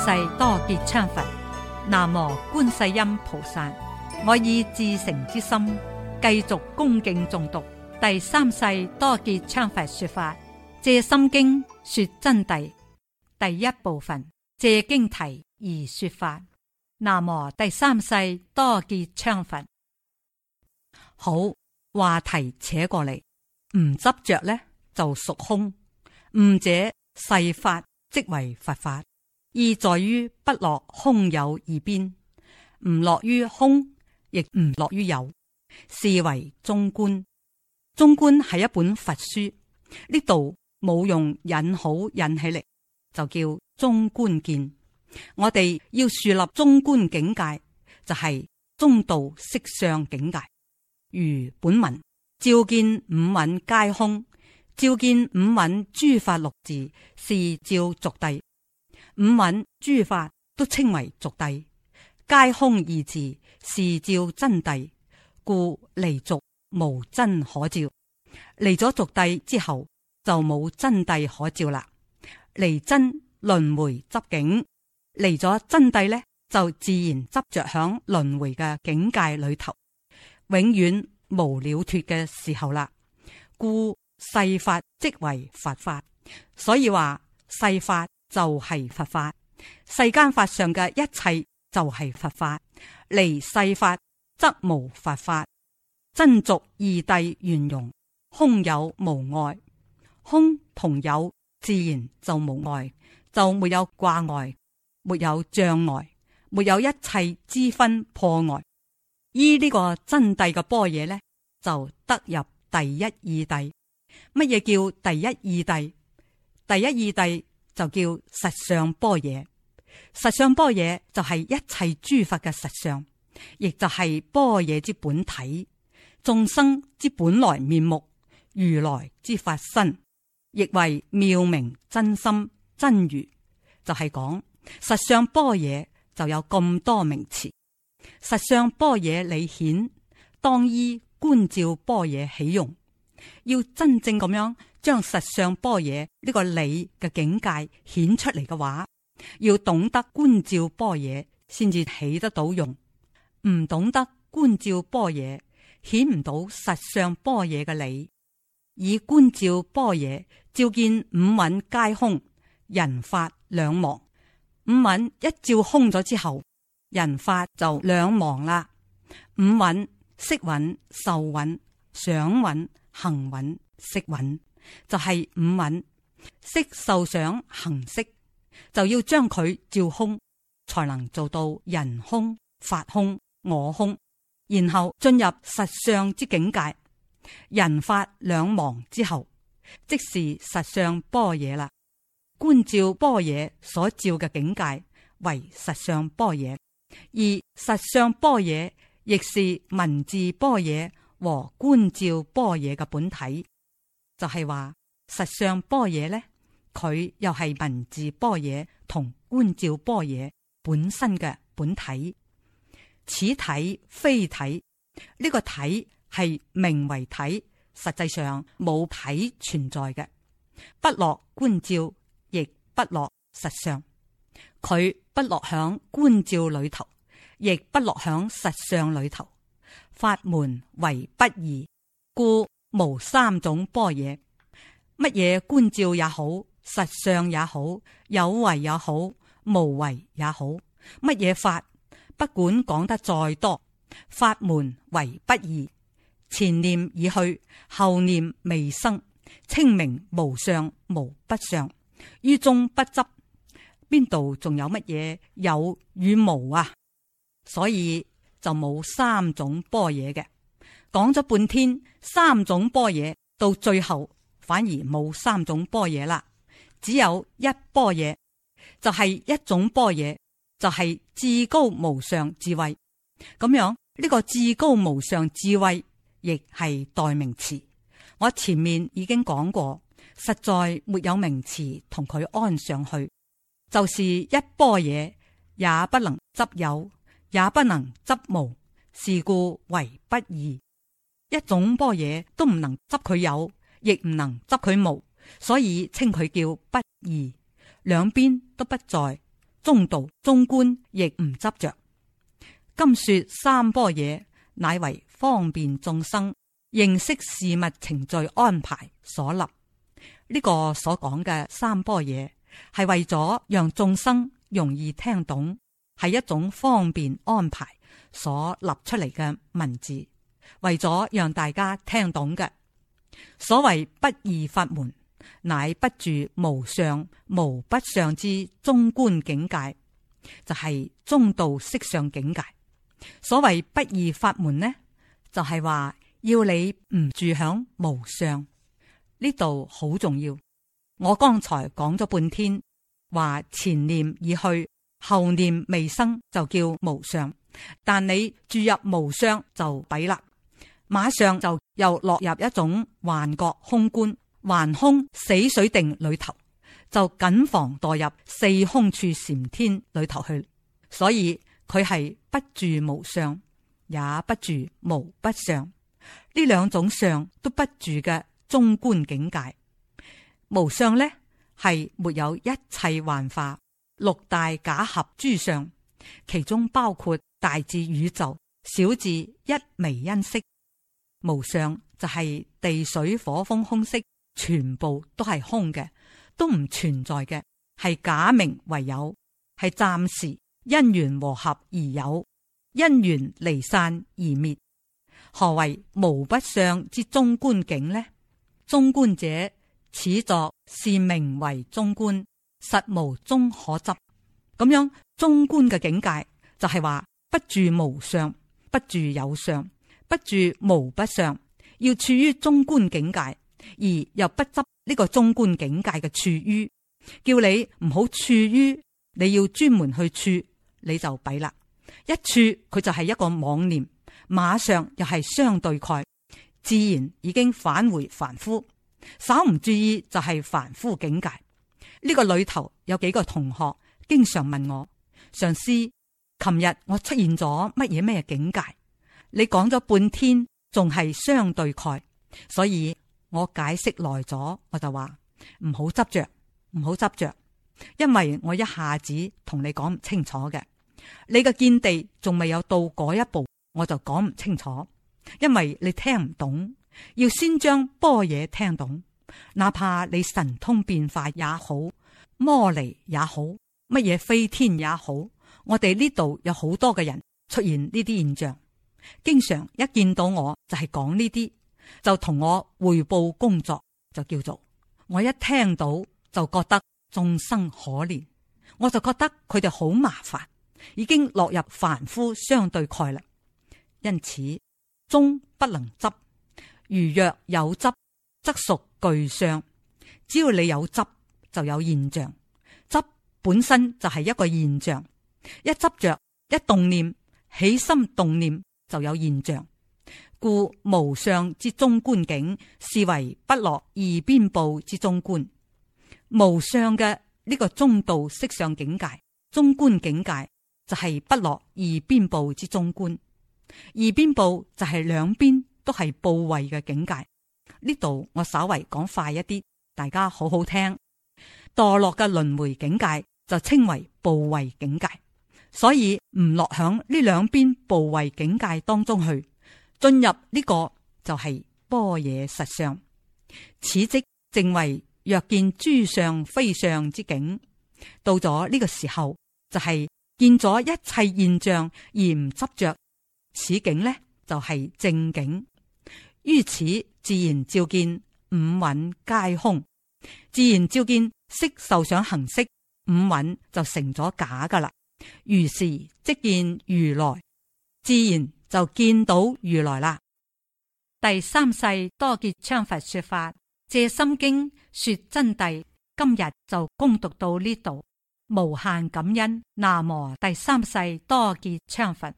世多杰羌佛，南無觀世音菩薩。我以至誠之心，繼續恭敬誦讀第三世多杰羌佛說法《借心經》說真諦第一部分《借經題而說法》。南無第三世多杰羌佛。好，話題扯過嚟，唔執着呢，就屬空，悟者世法即為佛法。意在於不落空有二邊，唔落於空，亦唔落於有，是為中觀。中觀係一本佛書，呢度冇用引號引起嚟，就叫中觀見。我哋要樹立中觀境界，就係、是、中道色相境界。如本文照見五蘊皆空，照見五蘊諸法六字是照俗諦。五蘊諸法都稱為俗諦，皆空二字，是照真諦，故離俗無真可照。離咗俗諦之後，就冇真諦可照啦。離真輪回執境，離咗真諦咧，就自然執著響輪回嘅境界裏頭，永遠無了脫嘅時候啦。故世法即為佛法，法，所以話世法。就係、是、佛法，世間法上嘅一切就係佛法。離世法則無佛法，法，真俗二諦圓融，空有無礙，空同有自然就無礙，就沒有掛礙，沒有障礙，沒有一切之分破礙。依呢個真諦嘅般若咧，就得入第一義諦。乜嘢叫第一義諦？第一義諦。就叫實相般若。實相般若就係一切諸佛嘅實相，亦就係般若之本體，眾生之本來面目，如來之法身，亦為妙明真心真如。就係、是、講實相般若就有咁多名詞，實相般若理顯，當依觀照般若起用。要真正咁樣將實相般若呢個理嘅境界顯出嚟嘅話，要懂得觀照般若，先至起得到用。唔懂得觀照般若，顯唔到實相般若嘅理。以觀照般若，照見五蘊皆空，人法兩亡。五蘊一照空咗之後，人法就兩亡啦。五蘊色蘊、受蘊、想蘊。行穩識蘊就係、是、五蘊色受想行識，就要將佢照空，才能做到人空、法空、我空，然後進入實相之境界。人法兩亡之後，即是實相般若啦。觀照般若所照嘅境界為實相般若，而實相般若亦是文字般若。和、哦、觀照般若嘅本體，就係、是、話實相般若咧，佢又係文字般若同觀照般若本身嘅本體。此體非體，呢、這個體係名為體，實際上冇體存在嘅。不落觀照，亦不落實相。佢不落響觀照裏頭，亦不落響實相裏頭。法門為不二，故無三種般若。乜嘢觀照也好，實相也好，有為也好，無為也好，乜嘢法？不管講得再多，法門為不二。前念已去，後念未生，清明無相，無不相，於中不執。邊度仲有乜嘢有與無啊？所以，就冇三種般若嘅，講咗半天三種般若，到最後反而冇三種般若啦，只有一般若，就係、是、一種般若，就係、是、至高無上智慧。咁樣呢、這個至高無上智慧亦係代名詞。我前面已經講過，實在沒有名詞同佢安上去，就是一般若也不能執有，也不能執無，是故為不二。一種般若都唔能執佢有，亦唔能執佢無，所以稱佢叫不二。兩邊都不在，中道中觀亦唔執着。今說三般若，乃為方便眾生認識事物程序安排所立。呢、這個所講嘅三般若，係為咗讓眾生容易聽懂。係一種方便安排所立出嚟嘅文字，為咗讓大家聽懂嘅。所謂不二法門，乃不住無上無不上之中觀境界，就係、是、中道色相境界。所謂不二法門呢，就係、是、話要你唔住響無上呢度，好重要。我剛才講咗半天，話前念已去。後念未生就叫無相，但你住入無相就弊啦，馬上就又落入一種幻覺空觀、幻空死水定裏頭，就謹防墮入四空處禪天裏頭去。所以佢係不住無相，也不住無不相。呢兩種相都不住嘅中觀境界。無相呢係沒有一切幻化。六大假合諸相，其中包括大至宇宙，小至一微因色，無相就係地水火風空色，全部都係空嘅，都唔存在嘅，係假名為有，係暫時因緣和合而有，因緣離散而滅。何為無不相之中觀境呢？中觀者，此作是名為中觀。實無中可執，咁樣中觀嘅境界就係話不住無相，不住有相，不住無不相。要處於中觀境界，而又不執呢個中觀境界嘅處於，叫你唔好處於，你要專門去處，你就弊啦。一處佢就係一個妄念，馬上又係相對蓋，自然已經返回凡夫，稍唔注意就係凡夫境界。呢、這個裏頭有幾個同學經常問我，上師，琴日我出現咗乜嘢咩境界？你講咗半天，仲係相對概，所以我解釋來咗，我就話唔好執着，唔好執着，因為我一下子同你講唔清楚嘅，你嘅見地仲未有到嗰一步，我就講唔清楚，因為你聽唔懂，要先將波嘢聽懂。哪怕你神通變化也好，魔嚟也好，乜嘢飛天也好，我哋呢度有好多嘅人出現呢啲現象，經常一見到我就係講呢啲，就同、是、我匯報工作，就叫做我一聽到就覺得眾生可憐，我就覺得佢哋好麻煩，已經落入凡夫相對概念，因此終不能執，如若有執，則屬。具相，只要你有執，就有現象。執本身就係一個現象，一執着，一動念，起心動念就有現象。故無相之中觀境，視為不落二邊部之中觀。無相嘅呢個中道色相境界，中觀境界就係不落二邊部之中觀。二邊部就係兩邊都係部位嘅境界。呢度我稍微講快一啲，大家好好聽。墮落嘅輪回境界就稱為部位境界，所以唔落響呢兩邊部位境界當中去，進入呢、這個就係般若實相。此即正為若見諸相非相之境。到咗呢個時候，就係、是、見咗一切現象而唔執着，此境呢，就係、是、正境。於此自然照見五蘊皆空，自然照見色受想行識五蘊就成咗假噶啦。於是即見如來，自然就見到如來啦。第三世多杰羌佛說法，藉心經說真諦。今日就恭讀到呢度，無限感恩。南無第三世多杰羌佛。